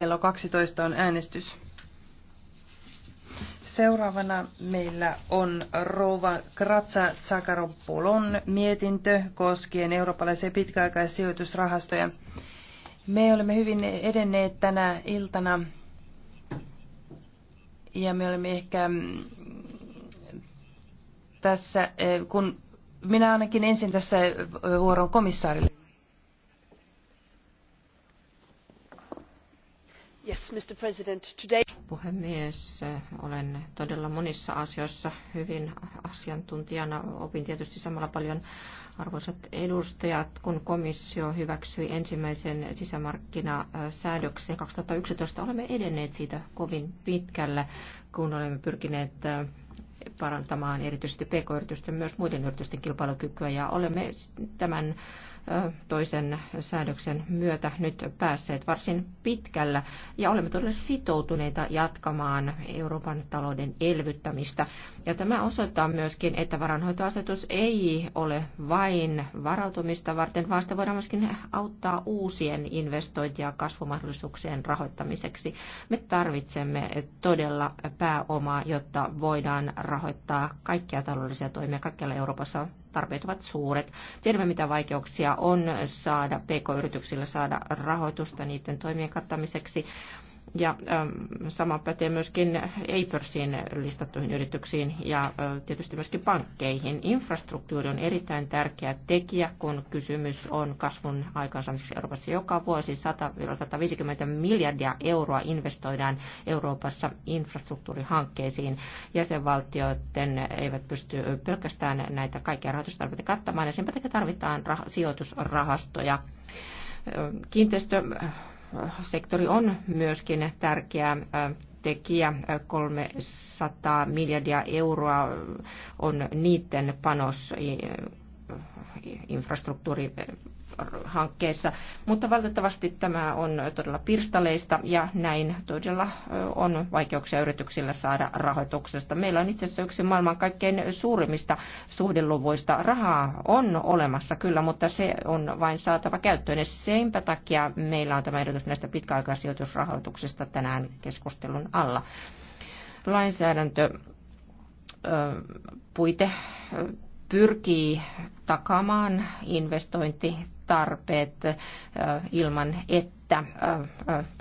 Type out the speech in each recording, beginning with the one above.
Kello 12 on äänestys. Seuraavana meillä on Rova Kratsa Tsakaropulon mietintö koskien eurooppalaisia pitkäaikaissijoitusrahastoja. Me olemme hyvin edenneet tänä iltana ja me olemme ehkä mm, tässä, eh, kun minä ainakin ensin tässä eh, vuoron komissaarille. arvoisa Puhemies, olen todella monissa asioissa hyvin asiantuntijana. Opin tietysti samalla paljon arvoisat edustajat, kun komissio hyväksyi ensimmäisen sisämarkkinasäädöksen 2011, olemme edenneet siitä kovin pitkällä, kun olemme pyrkineet äh, parantamaan erityisesti pk-yritysten, myös muiden yritysten kilpailukykyä, ja olemme tämän toisen säädöksen myötä nyt päässeet varsin pitkällä ja olemme todella sitoutuneita jatkamaan Euroopan talouden elvyttämistä. Ja tämä osoittaa myöskin, että varanhoitoasetus ei ole vain varautumista varten, vaan sitä voidaan myöskin auttaa uusien investointi- ja kasvumahdollisuuksien rahoittamiseksi. Me tarvitsemme todella pääomaa, jotta voidaan rahoittaa kaikkia taloudellisia toimia kaikkialla Euroopassa tarpeet ovat suuret. Tiedämme, mitä vaikeuksia on saada pk-yrityksillä saada rahoitusta niiden toimien kattamiseksi. Ja ähm, sama pätee myöskin ei-pörssiin listattuihin yrityksiin ja tietysti myöskin pankkeihin. Infrastruktuuri on erittäin tärkeä tekijä, kun kysymys on kasvun aikaansaamiseksi Euroopassa. Joka vuosi 100-150 miljardia euroa investoidaan Euroopassa infrastruktuurihankkeisiin. Jäsenvaltioiden eivät pysty pelkästään näitä kaikkia rahoitustarpeita kattamaan ja sen takia tarvitaan sijoitusrahastoja kiinteistö sektori on myöskin tärkeä tekijä. 300 miljardia euroa on niiden panos infrastruktuurihankkeissa, mutta valitettavasti tämä on todella pirstaleista ja näin todella on vaikeuksia yrityksillä saada rahoituksesta. Meillä on itse asiassa yksi maailman kaikkein suurimmista suhdeluvuista. Rahaa on olemassa kyllä, mutta se on vain saatava käyttöön. Ja senpä takia meillä on tämä ehdotus näistä pitkäaikaisijoitusrahoituksista tänään keskustelun alla. Lainsäädäntö puite pyrkii takaamaan investointitarpeet äh, ilman, että että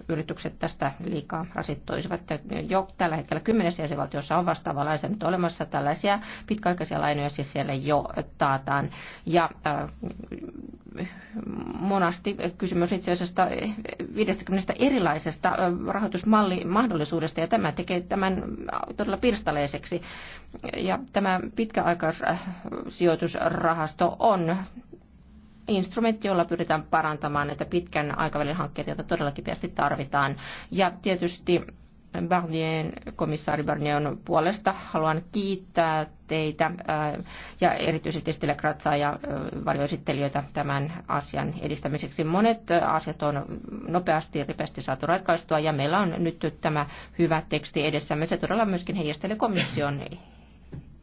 yritykset tästä liikaa rasittoisivat. Jo tällä hetkellä kymmenessä jäsenvaltiossa on vastaava lainsäädäntö olemassa. Tällaisia pitkäaikaisia lainoja siis siellä jo taataan. Ja monasti kysymys itse asiassa 50 erilaisesta rahoitusmallimahdollisuudesta ja tämä tekee tämän todella pirstaleiseksi. Ja tämä pitkäaikaissijoitusrahasto on instrumentti, jolla pyritään parantamaan näitä pitkän aikavälin hankkeita, joita todella kipeästi tarvitaan. Ja tietysti Barnier, komissaari Barnier puolesta haluan kiittää teitä äh, ja erityisesti Stille Kratsaa ja äh, varjoesittelijöitä tämän asian edistämiseksi. Monet äh, asiat on nopeasti ja ripeästi saatu ratkaistua ja meillä on nyt tämä hyvä teksti edessämme. Se todella myöskin heijastelee komission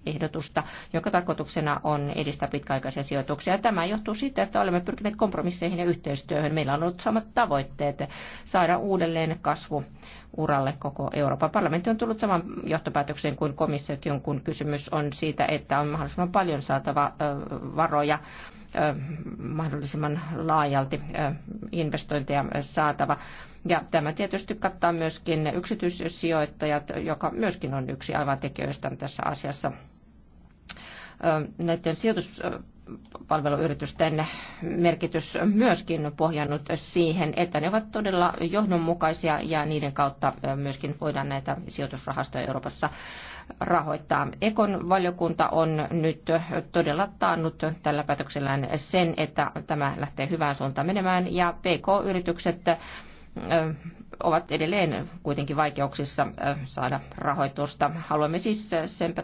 ehdotusta, joka tarkoituksena on edistää pitkäaikaisia sijoituksia. Tämä johtuu siitä, että olemme pyrkineet kompromisseihin ja yhteistyöhön. Meillä on ollut samat tavoitteet saada uudelleen kasvu uralle koko Euroopan parlamentti on tullut saman johtopäätökseen kuin komissiokin, kun kysymys on siitä, että on mahdollisimman paljon saatava varoja mahdollisimman laajalti investointeja saatava. Ja tämä tietysti kattaa myöskin yksityissijoittajat, joka myöskin on yksi aivan tekijöistä tässä asiassa näiden sijoitus palveluyritysten merkitys myöskin pohjannut siihen, että ne ovat todella johdonmukaisia ja niiden kautta myöskin voidaan näitä sijoitusrahastoja Euroopassa rahoittaa. Ekon valiokunta on nyt todella taannut tällä päätöksellään sen, että tämä lähtee hyvään suuntaan menemään ja PK-yritykset ovat edelleen kuitenkin vaikeuksissa saada rahoitusta. Haluamme siis sen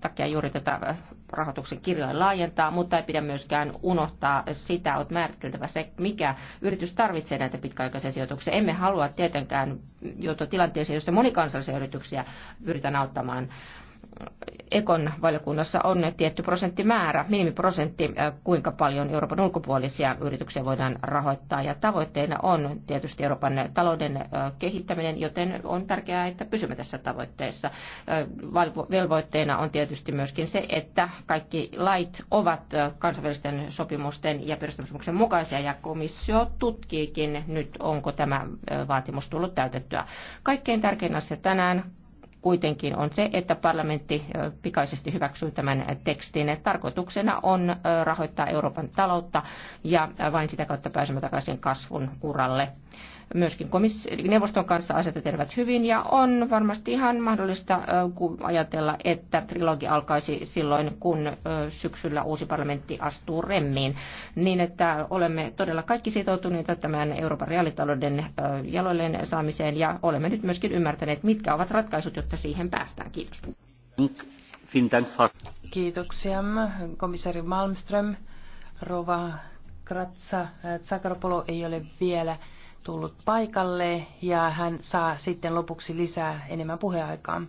takia juuri tätä rahoituksen kirjoja laajentaa, mutta ei pidä myöskään unohtaa sitä, että määriteltävä se, mikä yritys tarvitsee näitä pitkäaikaisia sijoituksia. Emme halua tietenkään joutua tilanteeseen, jossa monikansallisia yrityksiä pyritään auttamaan Ekon valiokunnassa on tietty prosenttimäärä, minimiprosentti, äh, kuinka paljon Euroopan ulkopuolisia yrityksiä voidaan rahoittaa. Ja tavoitteena on tietysti Euroopan talouden äh, kehittäminen, joten on tärkeää, että pysymme tässä tavoitteessa. Äh, velvoitteena on tietysti myöskin se, että kaikki lait ovat kansainvälisten sopimusten ja perustamisen mukaisia, ja komissio tutkiikin nyt, onko tämä vaatimus tullut täytettyä. Kaikkein tärkein asia tänään kuitenkin on se, että parlamentti pikaisesti hyväksyy tämän tekstin. Tarkoituksena on rahoittaa Euroopan taloutta ja vain sitä kautta pääsemme takaisin kasvun uralle myöskin komis- neuvoston kanssa asiat etenevät hyvin ja on varmasti ihan mahdollista ajatella, että trilogi alkaisi silloin, kun syksyllä uusi parlamentti astuu remmiin, niin että olemme todella kaikki sitoutuneita tämän Euroopan reaalitalouden jaloilleen saamiseen ja olemme nyt myöskin ymmärtäneet, mitkä ovat ratkaisut, jotta siihen päästään. Kiitos. Kiitoksia, komissaari Malmström. Rova Kratsa Tsakaropolo ei ole vielä tullut paikalle ja hän saa sitten lopuksi lisää enemmän puheaikaa.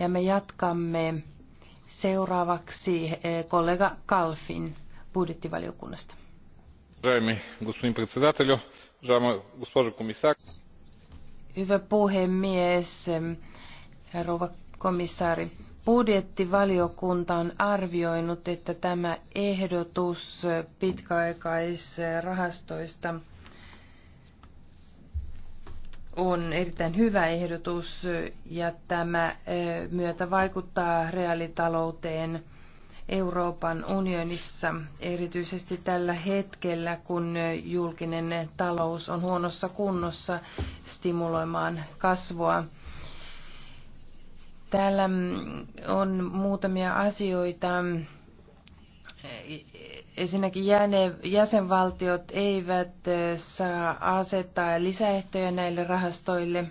Ja me jatkamme seuraavaksi eh, kollega Kalfin budjettivaliokunnasta. Hyvä puhemies, rouva komissaari. Budjettivaliokunta on arvioinut, että tämä ehdotus pitkäaikaisrahastoista rahastoista on erittäin hyvä ehdotus ja tämä eh, myötä vaikuttaa reaalitalouteen Euroopan unionissa, erityisesti tällä hetkellä, kun eh, julkinen talous on huonossa kunnossa stimuloimaan kasvua. Täällä mm, on muutamia asioita, eh, Ensinnäkin jäsenvaltiot eivät eh, saa asettaa lisäehtoja näille rahastoille.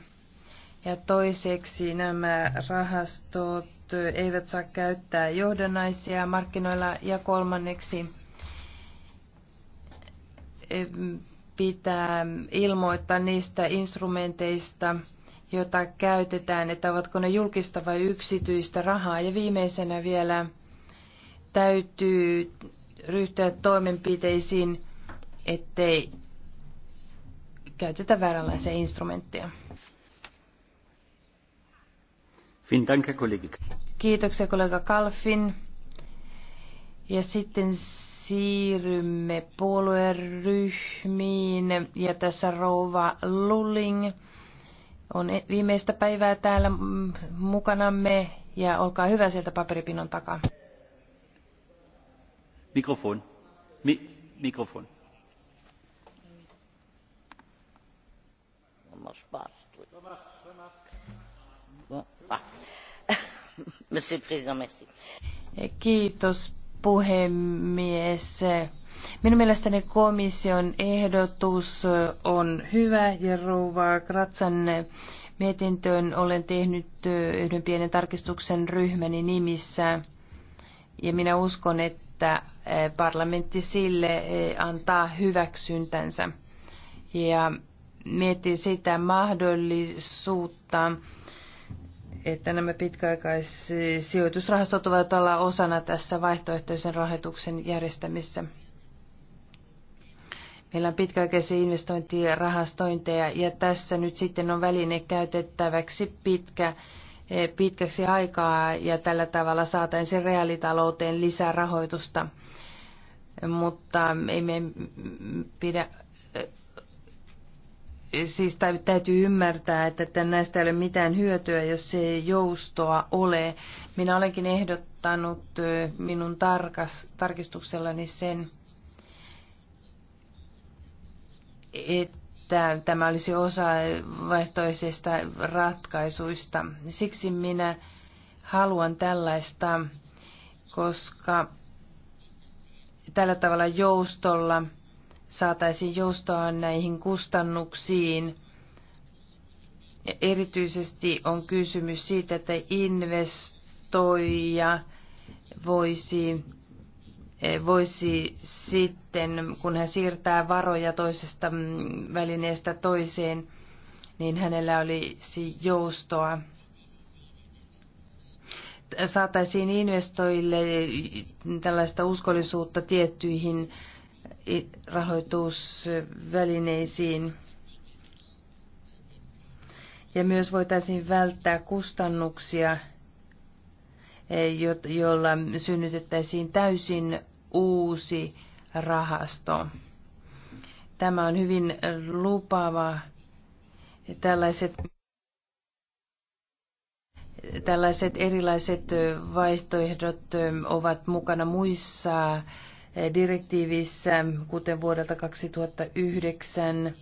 Ja toiseksi nämä rahastot eh, eivät saa käyttää johdannaisia markkinoilla. Ja kolmanneksi eh, pitää ilmoittaa niistä instrumenteista, joita käytetään, että ovatko ne julkista vai yksityistä rahaa. Ja viimeisenä vielä täytyy ryhtyä toimenpiteisiin, ettei käytetä vääränlaisia instrumentteja. Kiitoksia kollega Kalfin. Ja sitten siirrymme puolueryhmiin. Ja tässä rouva Lulling on e- viimeistä päivää täällä mukanamme. Ja olkaa hyvä sieltä paperipinon takaa. Mikrofon. Mikrofon. No no, Monsieur le Président, Kiitos puhemies. Minun mielestäni komission ehdotus on hyvä ja rouva Kratsan mietintöön olen tehnyt yhden pienen tarkistuksen ryhmäni nimissä. Ja minä uskon, että että eh, parlamentti sille eh, antaa hyväksyntänsä ja mietin sitä mahdollisuutta, että nämä pitkäaikaissijoitusrahastot ovat olla osana tässä vaihtoehtoisen rahoituksen järjestämisessä Meillä on pitkäaikaisia investointirahastointeja ja tässä nyt sitten on väline käytettäväksi pitkä Eh, pitkäksi aikaa ja tällä tavalla saataisiin reaalitalouteen lisää rahoitusta. Mutta ei me pidä eh, siis täytyy ymmärtää, että näistä ei ole mitään hyötyä, jos se joustoa ole. Minä olenkin ehdottanut eh, minun tarkas, tarkistuksellani sen, että että tämä olisi osa vaihtoisista ratkaisuista. Siksi minä haluan tällaista, koska tällä tavalla joustolla saataisiin joustoa näihin kustannuksiin. Erityisesti on kysymys siitä, että investoija voisi voisi sitten, kun hän siirtää varoja toisesta mm, välineestä toiseen, niin hänellä olisi joustoa. Saataisiin investoille tällaista uskollisuutta tiettyihin rahoitusvälineisiin. Ja myös voitaisiin välttää kustannuksia jo- jolla synnytettäisiin täysin uusi rahasto. Tämä on hyvin lupaava tällaiset tällaiset erilaiset vaihtoehdot ovat mukana muissa direktiivissä, kuten vuodelta 2009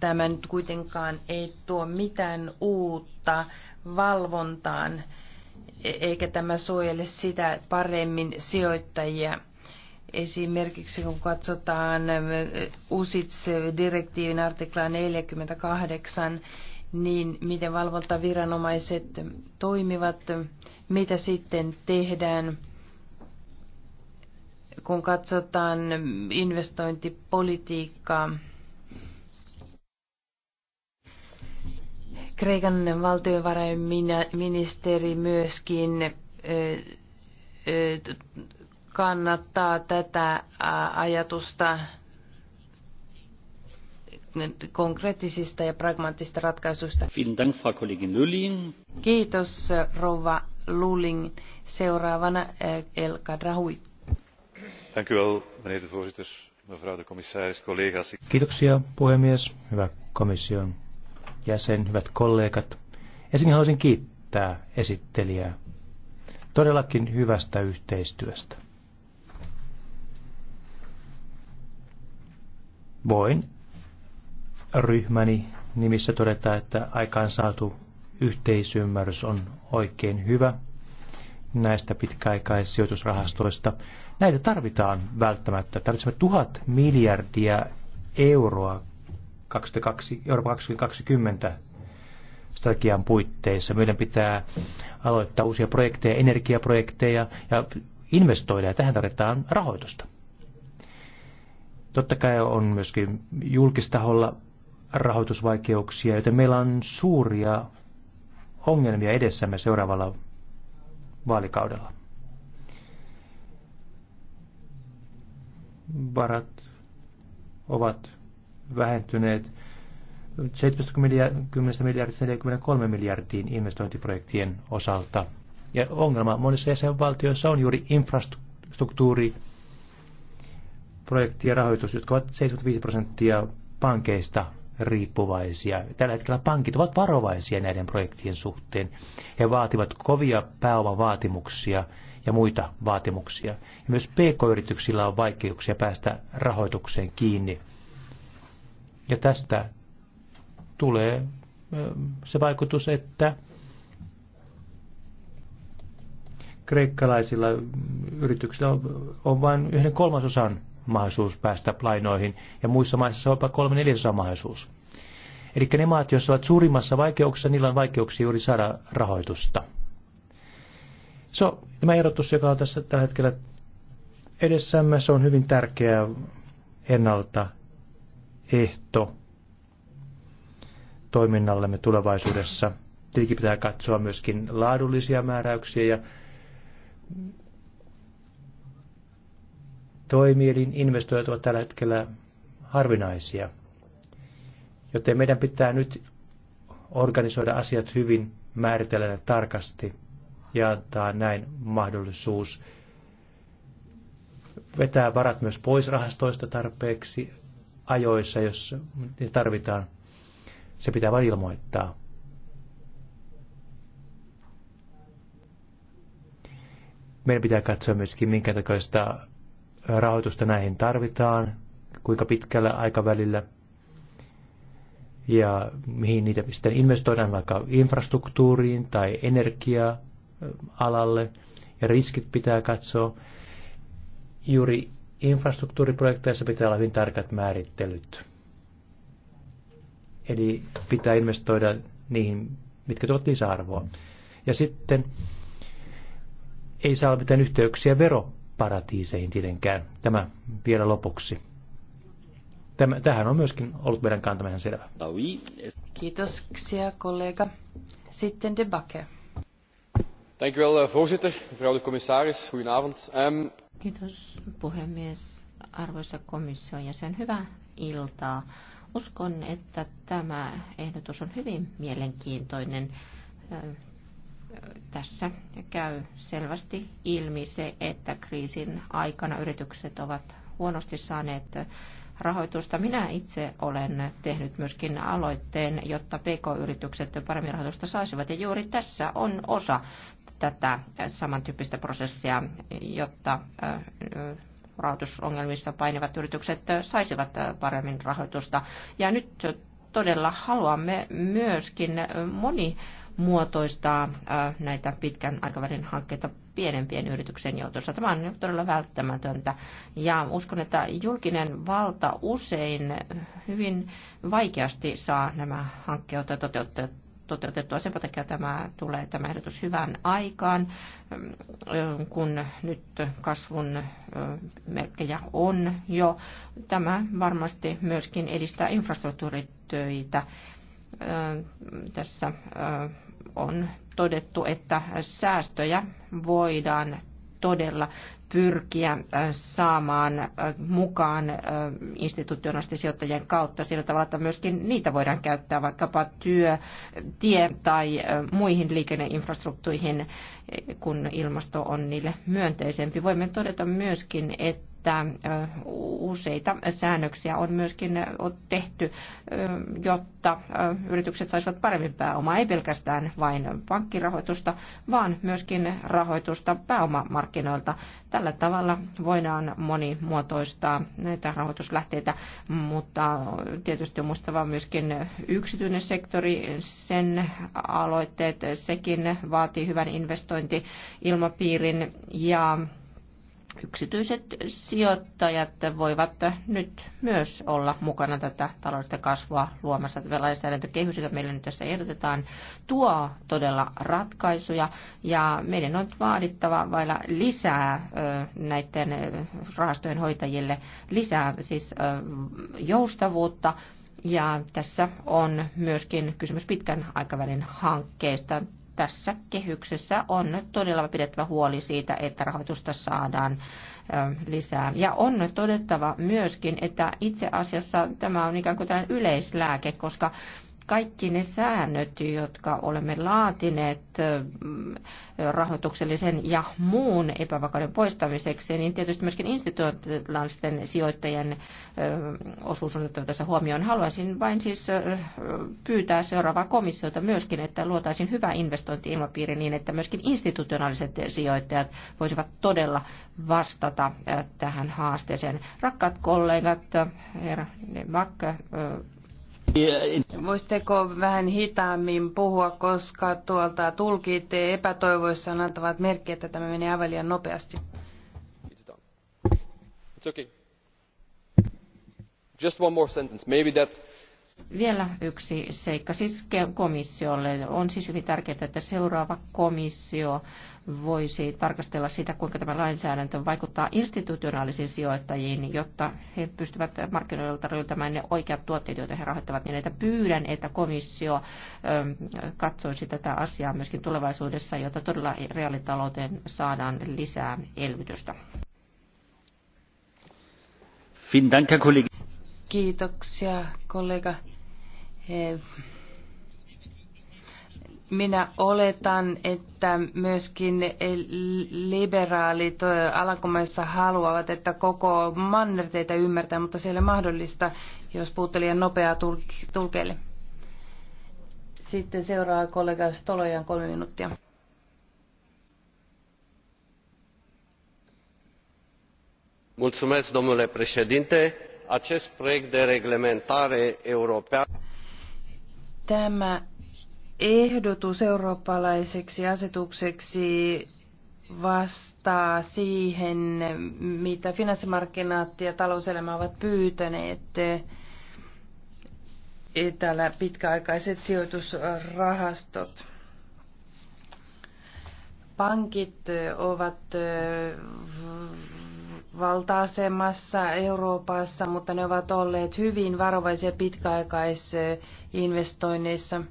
tämä nyt kuitenkaan ei tuo mitään uutta valvontaan, e- eikä tämä suojele sitä paremmin sijoittajia. Esimerkiksi kun katsotaan USITS-direktiivin artiklaa 48, niin miten valvontaviranomaiset toimivat, mitä sitten tehdään, kun katsotaan investointipolitiikkaa. Kreikan valtiovarainministeri myöskin kannattaa tätä ajatusta konkreettisista ja pragmaattisista ratkaisuista. Kiitos rouva Luling. Seuraavana El Kadrahui. Kiitoksia puhemies, hyvä komission jäsen, hyvät kollegat. Ensin haluaisin kiittää esittelijää todellakin hyvästä yhteistyöstä. Voin ryhmäni nimissä todeta, että aikaansaatu yhteisymmärrys on oikein hyvä näistä pitkäaikaissijoitusrahastoista. Näitä tarvitaan välttämättä. Tarvitsemme tuhat miljardia euroa 22, Euroopan 2020 strategian puitteissa. Meidän pitää aloittaa uusia projekteja, energiaprojekteja ja investoida, ja tähän tarvitaan rahoitusta. Totta kai on myöskin julkistaholla rahoitusvaikeuksia, joten meillä on suuria ongelmia edessämme seuraavalla vaalikaudella. Varat ovat vähentyneet 70 miljardista 43 miljardiin investointiprojektien osalta. Ja ongelma monissa jäsenvaltioissa on juuri infrastruktuuri, ja rahoitus, jotka ovat 75 prosenttia pankeista riippuvaisia. Tällä hetkellä pankit ovat varovaisia näiden projektien suhteen. He vaativat kovia pääomavaatimuksia ja muita vaatimuksia. Ja myös pk-yrityksillä on vaikeuksia päästä rahoitukseen kiinni ja tästä tulee se vaikutus, että kreikkalaisilla yrityksillä on, vain yhden kolmasosan mahdollisuus päästä lainoihin, ja muissa maissa se on jopa kolme neljäsosan mahdollisuus. Eli ne maat, joissa ovat suurimmassa vaikeuksessa, niillä on vaikeuksia juuri saada rahoitusta. Se on tämä erotus, joka on tässä tällä hetkellä edessämme, se on hyvin tärkeää ennalta ehto toiminnallemme tulevaisuudessa. Tietenkin pitää katsoa myöskin laadullisia määräyksiä ja toimielin investoijat ovat tällä hetkellä harvinaisia. Joten meidän pitää nyt organisoida asiat hyvin, määritellä ne tarkasti ja antaa näin mahdollisuus vetää varat myös pois rahastoista tarpeeksi ajoissa, jos niitä tarvitaan. Se pitää vain ilmoittaa. Meidän pitää katsoa myöskin, minkä takia rahoitusta näihin tarvitaan, kuinka pitkällä aikavälillä ja mihin niitä sitten investoidaan, vaikka infrastruktuuriin tai energia-alalle. Ja riskit pitää katsoa. Juuri infrastruktuuriprojekteissa pitää olla hyvin tarkat määrittelyt. Eli pitää investoida niihin, mitkä tuovat lisäarvoa. Ja sitten ei saa olla mitään yhteyksiä veroparatiiseihin tietenkään. Tämä vielä lopuksi. Tämä, tähän on myöskin ollut meidän kantamme ihan selvä. Kiitoksia kollega. Sitten Debake. Dank u wel, eh, voorzitter. Mevrouw de commissaris, goedenavond. Um... Kiitos puhemies, arvoisa komissio ja sen hyvää iltaa. Uskon, että tämä ehdotus on hyvin mielenkiintoinen. Tässä käy selvästi ilmi se, että kriisin aikana yritykset ovat huonosti saaneet rahoitusta. Minä itse olen tehnyt myöskin aloitteen, jotta PK-yritykset paremmin rahoitusta saisivat. Ja juuri tässä on osa tätä samantyyppistä prosessia, jotta rahoitusongelmissa painivat yritykset saisivat paremmin rahoitusta. Ja nyt todella haluamme myöskin moni muotoistaa näitä pitkän aikavälin hankkeita pienempien yrityksen joutossa. Tämä on todella välttämätöntä ja uskon, että julkinen valta usein hyvin vaikeasti saa nämä hankkeet toteutettua. Sen takia tämä tulee tämä ehdotus hyvään aikaan, mm, kun nyt kasvun mm, merkkejä on jo. Tämä varmasti myöskin edistää infrastruktuuritöitä. Mm, tässä on todettu, että säästöjä voidaan todella pyrkiä saamaan mukaan institutionaalisten sijoittajien kautta sillä tavalla, että myöskin niitä voidaan käyttää vaikkapa työ, tie tai muihin liikenneinfrastruktuihin, kun ilmasto on niille myönteisempi. Voimme todeta myöskin, että että useita säännöksiä on myöskin tehty, jotta yritykset saisivat paremmin pääomaa, ei pelkästään vain pankkirahoitusta, vaan myöskin rahoitusta pääomamarkkinoilta. Tällä tavalla voidaan monimuotoistaa näitä rahoituslähteitä, mutta tietysti on muistava myöskin yksityinen sektori, sen aloitteet, sekin vaatii hyvän investointi ilmapiirin ja yksityiset sijoittajat voivat nyt myös olla mukana tätä taloudellista kasvua luomassa. Tämä lainsäädäntökehys, jota meillä nyt tässä ehdotetaan, tuo todella ratkaisuja ja meidän on vaadittava vailla lisää näiden rahastojen hoitajille, lisää siis joustavuutta ja tässä on myöskin kysymys pitkän aikavälin hankkeesta tässä kehyksessä on nyt todella pidettävä huoli siitä, että rahoitusta saadaan lisää. Ja on nyt todettava myöskin, että itse asiassa tämä on ikään kuin tällainen yleislääke, koska kaikki ne säännöt, jotka olemme laatineet mm, rahoituksellisen ja muun epävakauden poistamiseksi, niin tietysti myöskin institutionaalisten sijoittajien mm, osuus on otettava tässä huomioon. Haluaisin vain siis mm, pyytää seuraavaa komissiota myöskin, että luotaisiin hyvä investointiilmapiiri niin, että myöskin institutionaaliset sijoittajat voisivat todella vastata tähän haasteeseen. Rakkaat kollegat, herra Mack, Voisitteko vähän hitaammin puhua, koska tuolta tulkit epätoivoissaan antavat merkkiä, että tämä menee aivan liian nopeasti. It's okay. Just one more sentence. Maybe that vielä yksi seikka siis komissiolle. On siis hyvin tärkeää, että seuraava komissio voisi tarkastella sitä, kuinka tämä lainsäädäntö vaikuttaa institutionaalisiin sijoittajiin, jotta he pystyvät markkinoilta löytämään ne oikeat tuotteet, joita he rahoittavat. Niin että pyydän, että komissio ähm, katsoisi tätä asiaa myöskin tulevaisuudessa, jotta todella reaalitalouteen saadaan lisää elvytystä. Kiitoksia kollega Eh, minä oletan, että myöskin liberaalit eh, Alankomaissa haluavat, että koko mannerteitä ymmärtää, mutta se ei ole mahdollista, jos puhutte liian nopeaa tulkeille. Sitten seuraa kollega Stolojan kolme minuuttia. domnule președinte acest proiect de reglementare europeană Tämä ehdotus eurooppalaiseksi asetukseksi vastaa siihen, mitä finanssimarkkinat ja talouselämä ovat pyytäneet e, täällä pitkäaikaiset sijoitusrahastot. Pankit ovat valta-asemassa Euroopassa, mutta ne ovat olleet hyvin varovaisia pitkäaikaisinvestoinneissa.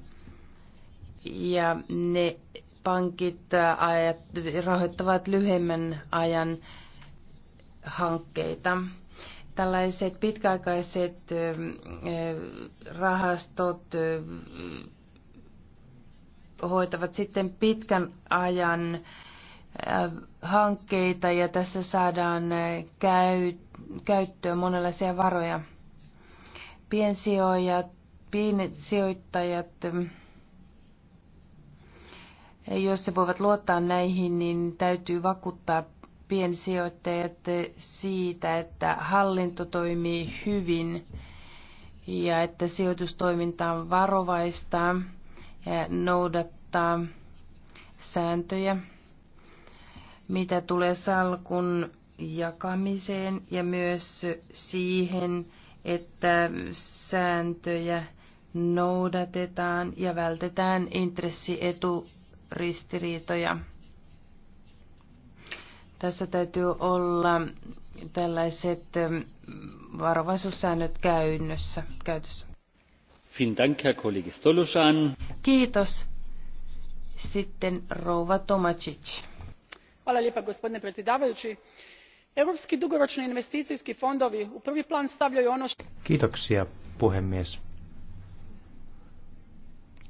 Ja ne pankit rahoittavat lyhyemmän ajan hankkeita. Tällaiset pitkäaikaiset rahastot hoitavat sitten pitkän ajan hankkeita ja tässä saadaan käy, käyttöön monenlaisia varoja. Piensijoijat, piensijoittajat, jos se voivat luottaa näihin, niin täytyy vakuuttaa piensijoittajat siitä, että hallinto toimii hyvin ja että sijoitustoiminta on varovaista ja noudattaa sääntöjä mitä tulee salkun jakamiseen ja myös siihen, että sääntöjä noudatetaan ja vältetään intressieturistiriitoja. Tässä täytyy olla tällaiset ähm, varovaisuussäännöt käynnössä, käytössä. Kiitos. Sitten rouva Tomacic gospodine predsjedavajući europski dugoročni investicijski fondovi u prvi plan stavljaju ono. kiitoksia puhemies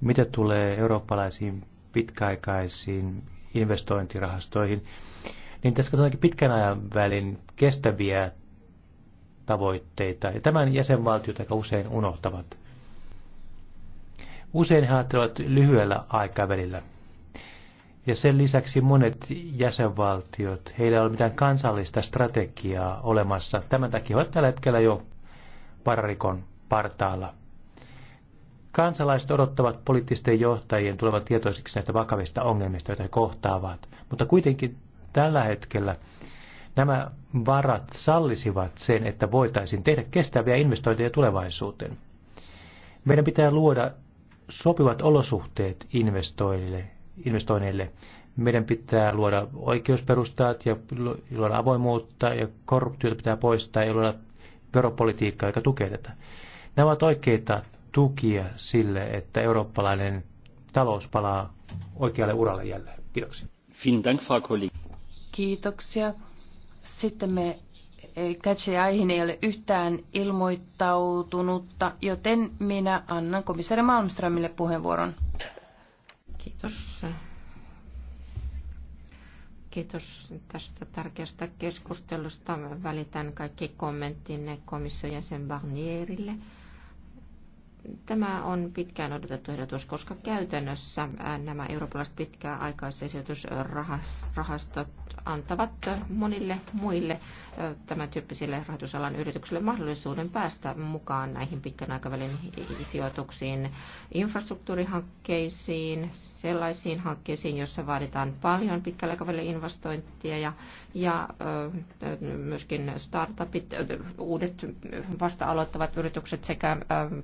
mitä tulee eurooppalaisiin pitkäaikaisiin investointirahastoihin niin tässä katsotaankin pitkän ajan välin kestäviä tavoitteita ja tämän jäsenvaltiot aika usein unohtavat. Usein he ajattelevat lyhyellä aikavälillä ja sen lisäksi monet jäsenvaltiot, heillä ei ole mitään kansallista strategiaa olemassa. Tämän takia olet tällä hetkellä jo pararikon partaalla. Kansalaiset odottavat poliittisten johtajien tulevan tietoisiksi näistä vakavista ongelmista, joita he kohtaavat. Mutta kuitenkin tällä hetkellä nämä varat sallisivat sen, että voitaisiin tehdä kestäviä investointeja tulevaisuuteen. Meidän pitää luoda sopivat olosuhteet investoijille investoinneille. Meidän pitää luoda oikeusperustaat ja luoda avoimuutta ja korruptiota pitää poistaa ja luoda veropolitiikkaa, joka tukee tätä. Nämä ovat oikeita tukia sille, että eurooppalainen talous palaa oikealle uralle jälleen. Kiitoksia. Kiitoksia. Sitten me Katseaihin ei ole yhtään ilmoittautunutta, joten minä annan komissaari Malmströmille puheenvuoron. Kiitos. Kiitos tästä tärkeästä keskustelusta. Välitän kaikki kommenttinne komission jäsen Barnierille. Tämä on pitkään odotettu ehdotus, koska käytännössä nämä eurooppalaiset pitkäaikaissijoitusrahastot antavat monille muille tämän tyyppisille rahoitusalan yrityksille mahdollisuuden päästä mukaan näihin pitkän aikavälin sijoituksiin, infrastruktuurihankkeisiin, sellaisiin hankkeisiin, joissa vaaditaan paljon pitkällä aikavälin investointia ja, ja myöskin startupit, uudet vasta aloittavat yritykset sekä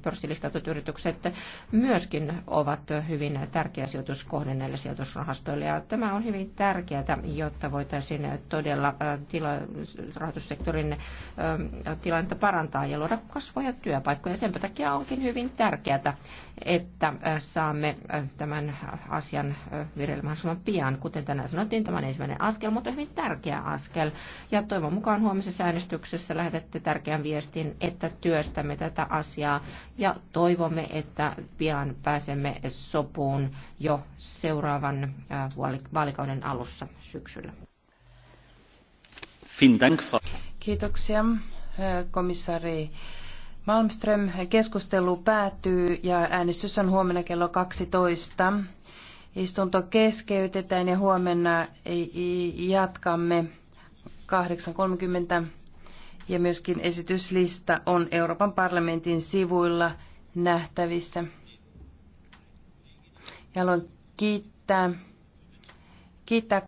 pörssilistat listatut yritykset myöskin ovat hyvin tärkeä sijoituskohde näille sijoitusrahastoille. Ja tämä on hyvin tärkeää, jotta voitaisiin todella tila, rahoitussektorin tilannetta parantaa ja luoda kasvoja työpaikkoja. Sen takia onkin hyvin tärkeää, että saamme tämän asian vireille mahdollisimman pian. Kuten tänään sanottiin, tämä on ensimmäinen askel, mutta hyvin tärkeä askel. Ja toivon mukaan huomisessa äänestyksessä lähetätte tärkeän viestin, että työstämme tätä asiaa ja toivomme, että pian pääsemme sopuun jo seuraavan vaalikauden alussa syksyllä. Kiitoksia, komissaari Malmström. Keskustelu päättyy ja äänestys on huomenna kello 12. Istunto keskeytetään ja huomenna jatkamme 8.30 ja myöskin esityslista on Euroopan parlamentin sivuilla nähtävissä. Ja haluan kiittää, kiittää